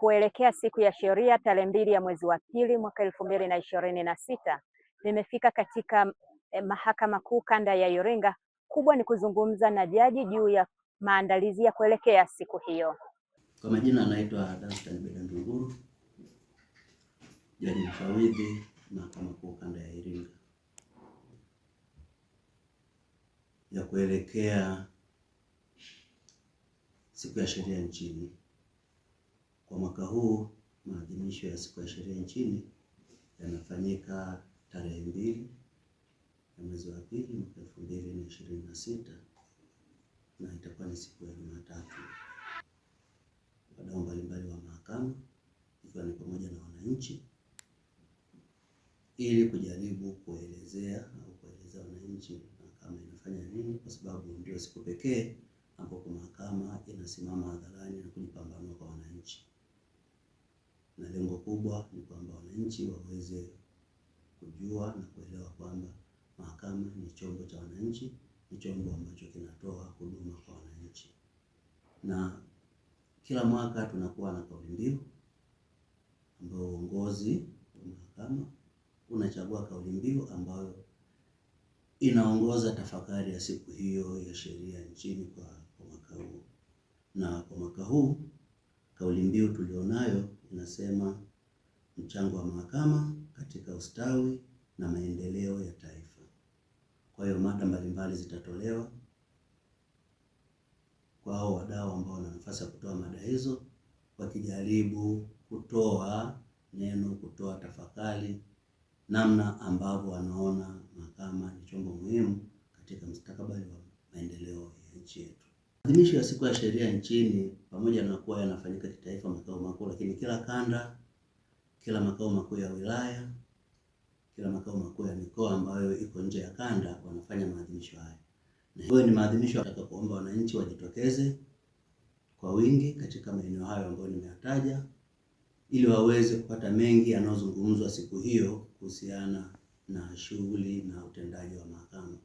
kuelekea siku ya sheria tarehe mbili ya mwezi wa pili mwaka elfu mbili na ishirini na sita nimefika katika eh, Mahakama Kuu kanda ya Iringa. Kubwa ni kuzungumza na jaji juu ya maandalizi ya kuelekea siku hiyo. Kwa majina anaitwa Danstan jaji mfawidhi Mahakama Kuu kanda ya Iringa, ya kuelekea siku ya sheria nchini kwa mwaka huu maadhimisho ya siku ya sheria nchini yanafanyika tarehe mbili ya mwezi wa pili mwaka elfu mbili na ishirini na sita na itakuwa ni siku ya Jumatatu. Wadau mbalimbali wa mahakama ikiwa ni pamoja na wananchi, ili kujaribu kuelezea au kuelezea wananchi mahakama inafanya nini, kwa sababu ndio siku pekee ambapo mahakama inasimama hadharani na kujipambanua kwa wananchi lengo kubwa ni kwamba wananchi waweze kujua na kuelewa kwamba mahakama ni chombo cha wananchi, ni chombo ambacho kinatoa huduma kwa wananchi. Na kila mwaka tunakuwa na kauli mbiu ambayo uongozi wa mahakama unachagua kauli mbiu ambayo inaongoza tafakari ya siku hiyo ya sheria nchini kwa mwaka huu. Na kwa mwaka huu kauli mbiu tulionayo inasema mchango wa mahakama katika ustawi na maendeleo ya taifa. Kwa hiyo mada mbalimbali zitatolewa kwa hao wadau ambao wana nafasi ya kutoa mada hizo, wakijaribu kutoa neno, kutoa tafakari namna ambavyo wanaona mahakama ni chombo muhimu katika mustakabali wa maendeleo ya nchi yetu. Maadhimisho ya siku ya sheria nchini pamoja na kuwa yanafanyika kitaifa makao makuu, lakini kila kanda, kila makao makuu ya wilaya, kila makao makuu ya mikoa ambayo iko nje ya kanda wanafanya maadhimisho haya, na hiyo ni maadhimisho nataka kuomba wananchi wajitokeze kwa wingi katika maeneo hayo ambayo nimeyataja, ili waweze kupata mengi yanayozungumzwa siku hiyo kuhusiana na shughuli na utendaji wa mahakama.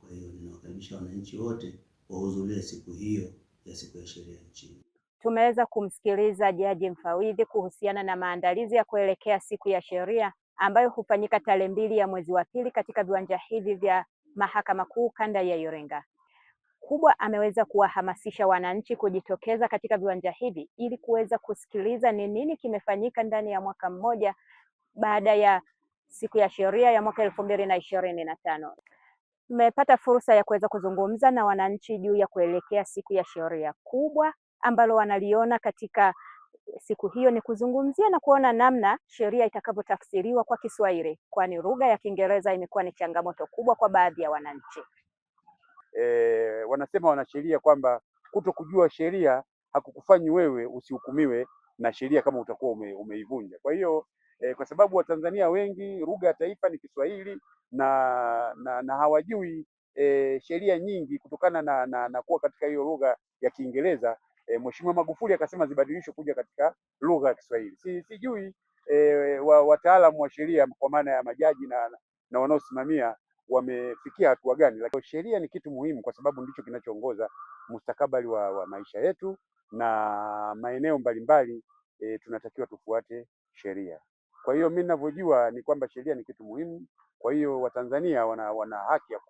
Kwa hiyo ninawakaribisha wananchi wote wahudhurie siku hiyo ya siku ya sheria nchini. Tumeweza kumsikiliza Jaji mfawidhi kuhusiana na maandalizi ya kuelekea siku ya sheria ambayo hufanyika tarehe mbili ya mwezi wa pili katika viwanja hivi vya Mahakama Kuu Kanda ya Iringa. Kubwa ameweza kuwahamasisha wananchi kujitokeza katika viwanja hivi ili kuweza kusikiliza ni nini kimefanyika ndani ya mwaka mmoja baada ya siku ya sheria ya mwaka elfu mbili na ishirini na tano. Mmepata fursa ya kuweza kuzungumza na wananchi juu ya kuelekea siku ya Sheria Kubwa, ambalo wanaliona katika siku hiyo ni kuzungumzia na kuona namna sheria itakavyotafsiriwa kwa Kiswahili, kwani lugha ya Kiingereza imekuwa ni changamoto kubwa kwa baadhi ya wananchi. E, wanasema wanasheria kwamba kuto kujua sheria hakukufanyi wewe usihukumiwe na sheria kama utakuwa ume, umeivunja. Kwa hiyo e, kwa sababu Watanzania wengi lugha ya taifa ni Kiswahili na, na, na hawajui e, sheria nyingi kutokana na, na, na kuwa katika hiyo lugha ya Kiingereza. E, Mheshimiwa Magufuli akasema zibadilishwe kuja katika lugha ya Kiswahili. Si, sijui e, wataalamu wa, wa sheria kwa maana ya majaji na, na wanaosimamia wamefikia hatua gani, lakini sheria ni kitu muhimu kwa sababu ndicho kinachoongoza mustakabali wa, wa maisha yetu na maeneo mbalimbali e, tunatakiwa tufuate sheria. Kwa hiyo mimi ninavyojua ni kwamba sheria ni kitu muhimu. Kwa hiyo Watanzania wana, wana haki ya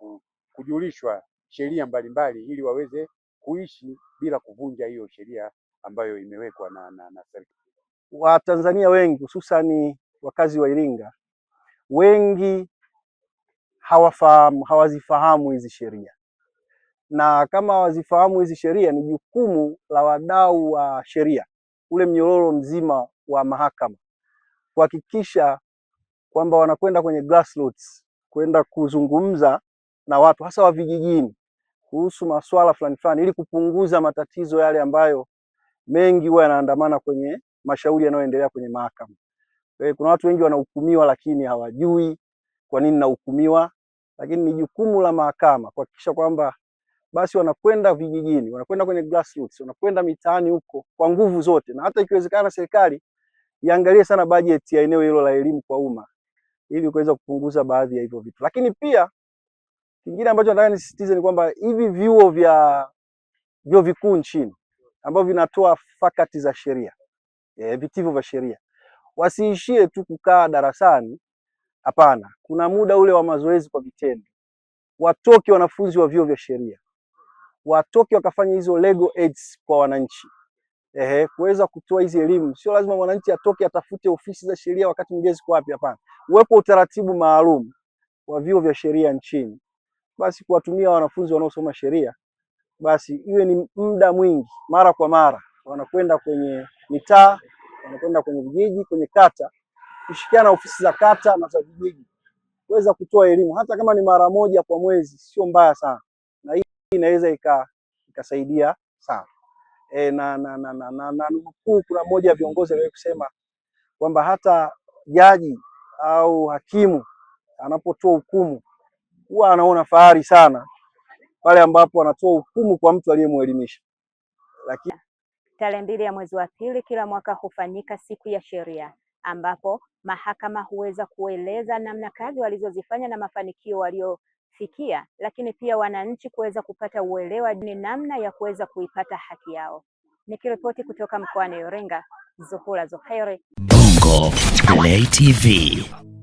kujulishwa sheria mbalimbali ili waweze kuishi bila kuvunja hiyo sheria ambayo imewekwa na, na, na serikali. Watanzania wengi hususani wakazi wa Iringa wengi hawafahamu hawazifahamu hizi sheria, na kama hawazifahamu hizi sheria, ni jukumu la wadau wa sheria, ule mnyororo mzima wa mahakama kuhakikisha kwamba wanakwenda kwenye grassroots, kwenda kuzungumza na watu hasa wa vijijini kuhusu masuala fulani fulani, ili kupunguza matatizo yale ambayo mengi huwa yanaandamana kwenye mashauri yanayoendelea kwenye mahakama. Kuna watu wengi wanahukumiwa, lakini hawajui kwa nini nahukumiwa, lakini ni jukumu la mahakama kuhakikisha kwamba basi wanakwenda vijijini, wanakwenda kwenye grassroots, wanakwenda mitaani huko kwa nguvu zote, na hata ikiwezekana serikali iangalie sana bajeti ya eneo hilo la elimu kwa umma ili kuweza kupunguza baadhi ya hivyo vitu. Lakini pia kingine ambacho nataka nisisitize ni kwamba hivi vyuo vya vyuo vikuu nchini ambavyo vinatoa fakati za sheria e, vitivo vya sheria wasiishie tu kukaa darasani. Hapana, kuna muda ule wa mazoezi kwa vitendo. Watoke wanafunzi wa vyuo vya sheria, watoke wakafanya hizo legal aids kwa wananchi, ehe, kuweza kutoa hizi elimu. Sio lazima mwananchi atoke atafute ofisi za sheria wakati mwingine ziko wapi. Hapana, uwepo utaratibu maalum wa vyuo vya sheria nchini, basi kuwatumia wanafunzi wanaosoma sheria, basi iwe ni muda mwingi, mara kwa mara wanakwenda kwenye mitaa, wanakwenda kwenye vijiji, kwenye kata, kushikiana na ofisi za kata na za vijiji kuweza kutoa elimu, hata kama ni mara moja kwa mwezi, sio mbaya sana, na hii inaweza ikasaidia sana e, na na na na, na, na mkuu, kuna mmoja ya viongozi aliwahi kusema kwamba hata jaji au hakimu anapotoa hukumu huwa anaona fahari sana pale ambapo anatoa hukumu kwa mtu aliyemwelimisha. Lakini tarehe mbili ya mwezi wa pili kila mwaka hufanyika siku ya sheria ambapo mahakama huweza kueleza namna kazi walizozifanya na mafanikio walio kufikia, lakini pia wananchi kuweza kupata uelewa ni namna ya kuweza kuipata haki yao. Nikiripoti kutoka mkoani Iringa, Zuhura Zuhairi, Bongo Play TV.